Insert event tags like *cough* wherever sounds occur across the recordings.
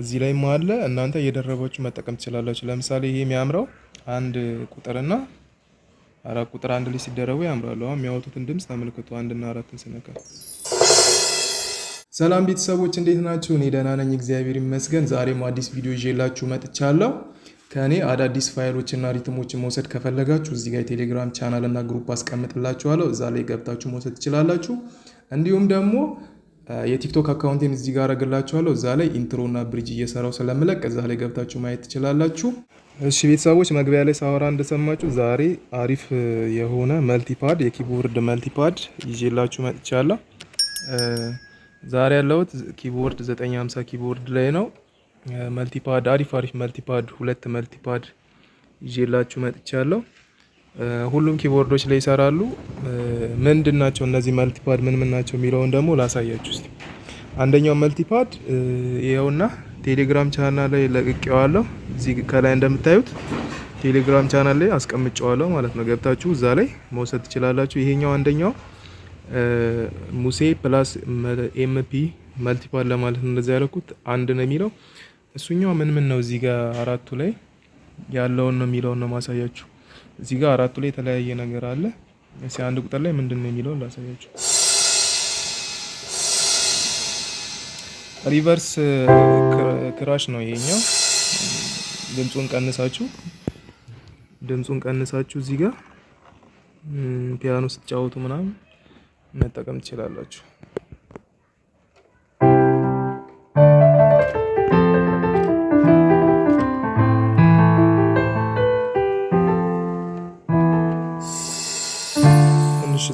እዚህ ላይ አለ። እናንተ እየደረባችሁ መጠቀም ትችላላችሁ። ለምሳሌ ይሄ የሚያምረው አንድ ቁጥርና አራት ቁጥር አንድ ላይ ሲደረቡ ያምራሉ። አሁን የሚያወጡትን ድምፅ ተመልክቱ። አንድና አራትን ስነካ። ሰላም ቤተሰቦች እንዴት ናችሁ? እኔ ደህና ነኝ እግዚአብሔር ይመስገን። ዛሬም አዲስ ቪዲዮ ይዤላችሁ መጥቻለሁ። ከእኔ አዳዲስ ፋይሎችና ሪትሞችን መውሰድ ከፈለጋችሁ እዚህ ጋር የቴሌግራም ቻናልና ግሩፕ አስቀምጥላችኋለሁ። እዛ ላይ ገብታችሁ መውሰድ ትችላላችሁ። እንዲሁም ደግሞ የቲክቶክ አካውንቴን እዚህ ጋር አረግላችኋለሁ። እዛ ላይ ኢንትሮና ብሪጅ እየሰራው ስለምለቅ እዛ ላይ ገብታችሁ ማየት ትችላላችሁ። እሺ ቤተሰቦች መግቢያ ላይ ሳወራ እንደሰማችሁ ዛሬ አሪፍ የሆነ መልቲፓድ የኪቦርድ መልቲፓድ ይዤላችሁ መጥቻለሁ። ዛሬ ያለሁት ኪቦርድ 950 ኪቦርድ ላይ ነው። መልቲፓድ አሪፍ አሪፍ መልቲፓድ ሁለት መልቲፓድ ይዤላችሁ መጥቻለሁ። ሁሉም ኪቦርዶች ላይ ይሰራሉ። ምንድን ናቸው እነዚህ መልቲፓድ ምን ምን ናቸው የሚለውን ደግሞ ላሳያችሁ እስቲ። አንደኛው መልቲፓድ ይኸውና ቴሌግራም ቻናል ላይ ለቅቄዋለሁ። እዚህ ከላይ እንደምታዩት ቴሌግራም ቻናል ላይ አስቀምጨዋለሁ ማለት ነው። ገብታችሁ እዛ ላይ መውሰድ ትችላላችሁ። ይሄኛው አንደኛው ሙሴ ፕላስ ኤምፒ መልቲፓድ ለማለት ነው እንደዚህ ያለኩት አንድ ነው የሚለው እሱኛው ምን ምን ነው እዚህ ጋር አራቱ ላይ ያለውን ነው የሚለውን ነው ማሳያችሁ እዚህ ጋር አራቱ ላይ የተለያየ ነገር አለ። እስኪ አንድ ቁጥር ላይ ምንድን ነው የሚለውን ላሳያችሁ። ሪቨርስ ክራሽ ነው ይሄኛው። ድምፁን ቀንሳችሁ ድምፁን ቀንሳችሁ እዚህ ጋር ፒያኖ ስትጫወቱ ምናምን መጠቀም ትችላላችሁ።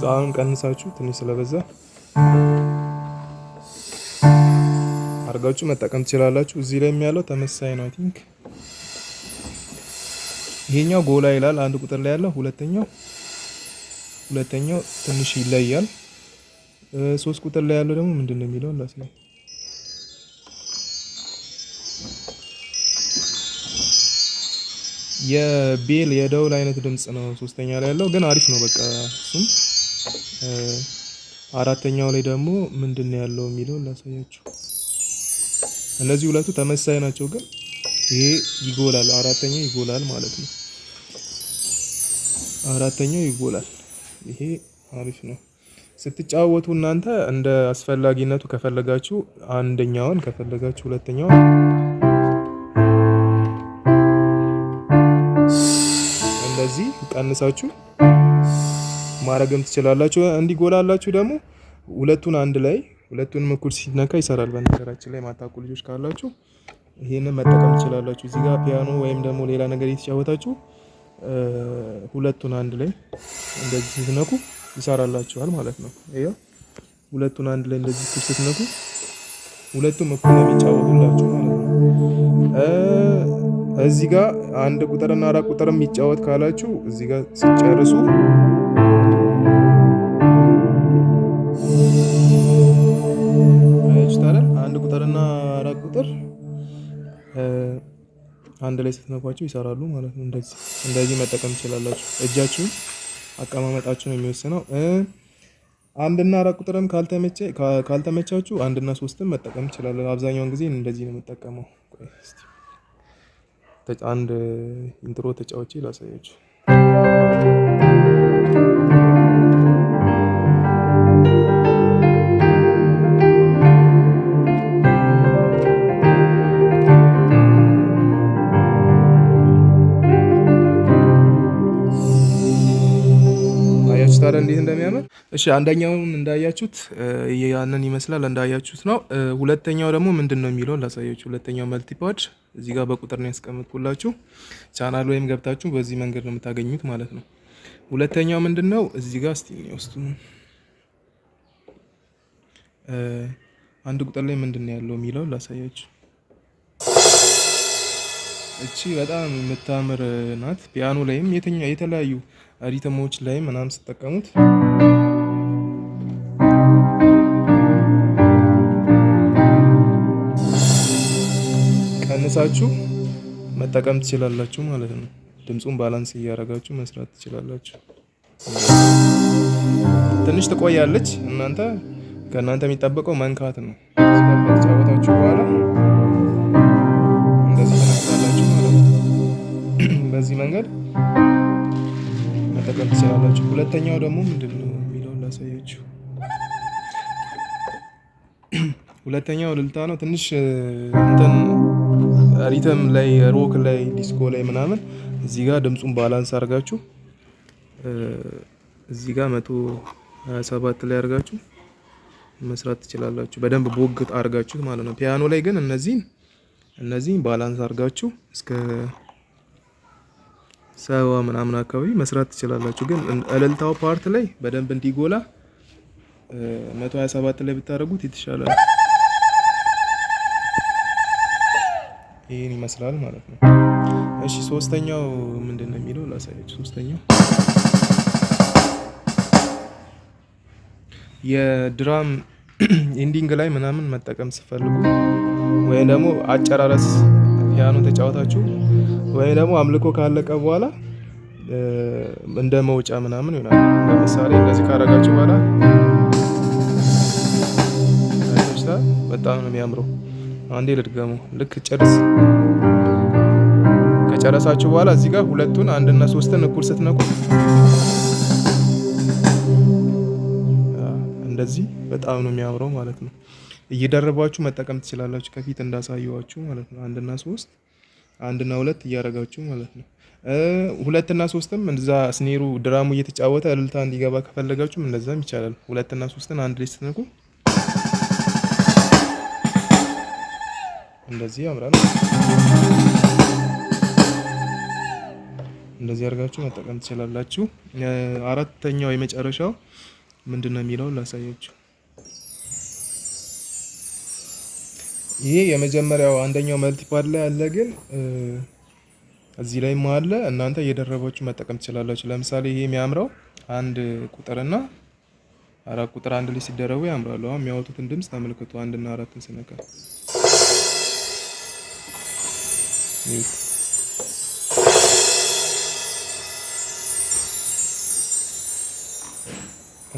ጣዕም ቀንሳችሁ ትንሽ ስለበዛ አድርጋችሁ መጠቀም ትችላላችሁ። እዚህ ላይ ያለው ተመሳይ ነው። አይ ቲንክ ይሄኛው ጎላ ይላል አንድ ቁጥር ላይ ያለው ሁለተኛው ሁለተኛው ትንሽ ይለያል። ሶስት ቁጥር ላይ ያለው ደግሞ ምንድን ነው የሚለው ላስ ነው የቤል የደውል አይነት ድምጽ ነው። ሶስተኛ ላይ ያለው ግን አሪፍ ነው። በቃ እሱም አራተኛው ላይ ደግሞ ምንድን ነው ያለው የሚለውን ላሳያችሁ። እነዚህ ሁለቱ ተመሳሳይ ናቸው፣ ግን ይሄ ይጎላል። አራተኛው ይጎላል ማለት ነው። አራተኛው ይጎላል። ይሄ አሪፍ ነው። ስትጫወቱ እናንተ እንደ አስፈላጊነቱ ከፈለጋችሁ አንደኛውን ከፈለጋችሁ ሁለተኛውን እንደዚህ ቀንሳችሁ ማድረግም ትችላላችሁ። እንዲጎላላችሁ ደግሞ ሁለቱን አንድ ላይ ሁለቱንም እኩል ሲነካ ይሰራል። በነገራችን ላይ ማታውቁ ልጆች ካላችሁ ይሄንን መጠቀም ትችላላችሁ። እዚህ ጋር ፒያኖ ወይም ደግሞ ሌላ ነገር እየተጫወታችሁ ሁለቱን አንድ ላይ እንደዚህ ስትነኩ ይሰራላችኋል ማለት ነው። ይኸው ሁለቱን አንድ ላይ እንደዚህ እኩል ስትነኩ ሁለቱም እኩል ነው የሚጫወቱላችሁ ማለት ነው። እዚህ ጋር አንድ ቁጥርና አራት ቁጥር የሚጫወት ካላችሁ እዚህ ጋር ሲጨርሱ አንድ ላይ ስትነኳቸው ይሰራሉ ማለት ነው። እንደዚህ እንደዚህ መጠቀም ትችላላችሁ። እጃችሁን አቀማመጣችሁ የሚወስነው። አንድና አራት ቁጥርም ካልተመቸ ካልተመቻችሁ አንድና ሶስትም መጠቀም ትችላለን። አብዛኛውን ጊዜ እንደዚህ ነው የምጠቀመው። አንድ ኢንትሮ ተጫዎቼ ላሳያችሁ። ታዲያ እንዴት እንደሚያምር እሺ፣ አንደኛውን እንዳያችሁት ያንን ይመስላል እንዳያችሁት ነው። ሁለተኛው ደግሞ ምንድን ነው የሚለውን ላሳያችሁ። ሁለተኛው መልቲፓድ እዚህ ጋር በቁጥር ነው ያስቀምጥኩላችሁ። ቻናል ወይም ገብታችሁ በዚህ መንገድ ነው የምታገኙት ማለት ነው። ሁለተኛው ምንድን ነው እዚህ ጋር እስቲ ውስጡ አንድ ቁጥር ላይ ምንድን ነው ያለው የሚለውን ላሳያችሁ። እቺ በጣም የምታምር ናት። ፒያኖ ላይም የተለያዩ ሪትሞች ላይ ምናምን ስጠቀሙት ቀንሳችሁ መጠቀም ትችላላችሁ ማለት ነው። ድምፁን ባላንስ እያደረጋችሁ መስራት ትችላላችሁ። ትንሽ ትቆያለች። እናንተ ከእናንተ የሚጠበቀው መንካት ነው። ተጫወታችሁ በኋላ እንደዚህ ተነካላችሁ ማለት ነው። *clears throat* በዚህ መንገድ መጠቀም ትችላላችሁ። ሁለተኛው ደግሞ ምንድን ነው የሚለውን ላሳያችሁ። ሁለተኛው ልልታ ነው። ትንሽ እንትን ሪተም ላይ ሮክ ላይ ዲስኮ ላይ ምናምን እዚህ ጋር ድምፁን ባላንስ አድርጋችሁ እዚህ ጋር መቶ ሀያ ላይ አድርጋችሁ መስራት ትችላላችሁ። በደንብ ቦግ አድርጋችሁ ማለት ነው። ፒያኖ ላይ ግን እነዚህን እነዚህን ባላንስ አድርጋችሁ እስከ ሰዋ ምናምን አካባቢ መስራት ትችላላችሁ። ግን እልልታው ፓርት ላይ በደንብ እንዲጎላ 127 ላይ ብታደርጉት የተሻለ ነው። ይህን ይመስላል ማለት ነው። እሺ ሶስተኛው ምንድን ነው የሚለው ላሳያችሁ። ሶስተኛው የድራም ኢንዲንግ *clears throat* ላይ ምናምን መጠቀም ስፈልጉ ወይም ደግሞ አጨራረስ ፒያኖ ተጫወታችሁ ወይ ደግሞ አምልኮ ካለቀ በኋላ እንደ መውጫ ምናምን ይሆናል። ለምሳሌ እንደዚህ ካረጋችሁ በኋላ በጣም ነው የሚያምረው። አንዴ ልድገሙ። ልክ ጨርስ ከጨረሳችሁ በኋላ እዚህ ጋር ሁለቱን አንድና ሶስትን እኩል ስትነቁ እንደዚህ በጣም ነው የሚያምረው ማለት ነው። እየደረባችሁ መጠቀም ትችላላችሁ። ከፊት እንዳሳየዋችሁ ማለት ነው። አንድና ሶስት አንድና ሁለት እያደረጋችሁ ማለት ነው። ሁለትና ሶስትም እንደዛ ስኔሩ ድራሙ እየተጫወተ እልልታ እንዲገባ ከፈለጋችሁም እንደዛም ይቻላል። ሁለትና ሶስትን አንድ ላይ ስትነኩ እንደዚህ ያምራል። እንደዚህ አድርጋችሁ መጠቀም ትችላላችሁ። አራተኛው የመጨረሻው ምንድን ነው የሚለውን ላሳያችሁ። ይሄ የመጀመሪያው አንደኛው መልቲፓድ ላይ አለ፣ ግን እዚህ ላይም አለ። እናንተ እየደረባችሁ መጠቀም ትችላላችሁ። ለምሳሌ ይሄ የሚያምረው አንድ ቁጥርና አራት ቁጥር አንድ ላይ ሲደረቡ ያምራሉ። አሁን የሚያወጡትን ድምፅ ተመልክቶ አንድና አራትን ስነካ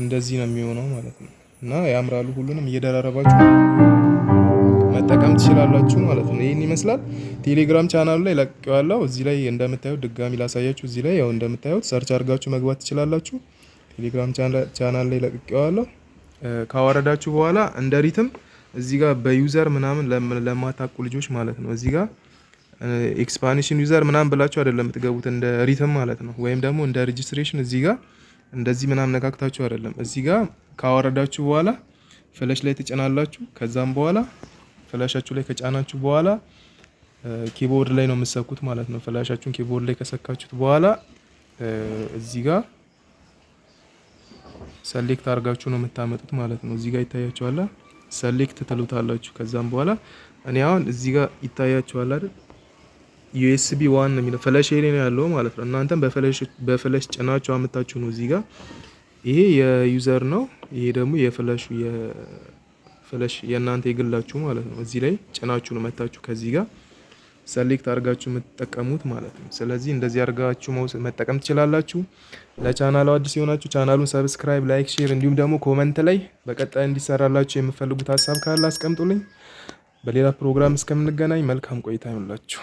እንደዚህ ነው የሚሆነው ማለት ነው። እና ያምራሉ ሁሉንም እየደራረባችሁ መጠቀም ትችላላችሁ ማለት ነው። ይህን ይመስላል። ቴሌግራም ቻናሉ ላይ ለቅቄዋለሁ። እዚህ ላይ እንደምታዩት ድጋሚ ላሳያችሁ። እዚህ ላይ ያው እንደምታዩት ሰርች አድርጋችሁ መግባት ትችላላችሁ። ቴሌግራም ቻናል ላይ ለቅቄዋለሁ። ካወረዳችሁ በኋላ እንደ ሪትም እዚህ ጋር በዩዘር ምናምን ለማታቁ ልጆች ማለት ነው እዚህ ጋር ኤክስፓንሽን ዩዘር ምናምን ብላችሁ አይደለም የምትገቡት እንደ ሪትም ማለት ነው። ወይም ደግሞ እንደ ሬጅስትሬሽን እዚህ ጋር እንደዚህ ምናምን ነካክታችሁ አይደለም። እዚህ ጋር ካወረዳችሁ በኋላ ፍለሽ ላይ ትጭናላችሁ። ከዛም በኋላ ፍላሻችሁ ላይ ከጫናችሁ በኋላ ኪቦርድ ላይ ነው የምሰኩት ማለት ነው። ፍላሻችሁን ኪቦርድ ላይ ከሰካችሁት በኋላ እዚህ ጋር ሰሌክት አድርጋችሁ ነው የምታመጡት ማለት ነው። እዚህ ጋር ይታያችኋል፣ ሰሌክት ትሉታላችሁ። ከዛም በኋላ እኔ አሁን እዚህ ጋር ይታያችኋል አይደል? ዩኤስቢ ዋን ነው የሚለው ፍላሽ ላይ ነው ያለው ማለት ነው። እናንተም በፍላሽ በፍለሽ ጭናችሁ አመታችሁ ነው እዚህ ጋር ይሄ የዩዘር ነው፣ ይሄ ደግሞ የፍለሹ ፍለሽ የእናንተ የግላችሁ ማለት ነው። እዚህ ላይ ጭናችሁን መታችሁ ከዚህ ጋር ሰሌክት አድርጋችሁ የምትጠቀሙት ማለት ነው። ስለዚህ እንደዚህ አድርጋችሁ መጠቀም ትችላላችሁ። ለቻናሉ አዲስ የሆናችሁ ቻናሉን ሰብስክራይብ፣ ላይክ፣ ሼር እንዲሁም ደግሞ ኮመንት ላይ በቀጣይ እንዲሰራላችሁ የምፈልጉት ሀሳብ ካለ አስቀምጡልኝ። በሌላ ፕሮግራም እስከምንገናኝ መልካም ቆይታ ይሁንላችሁ።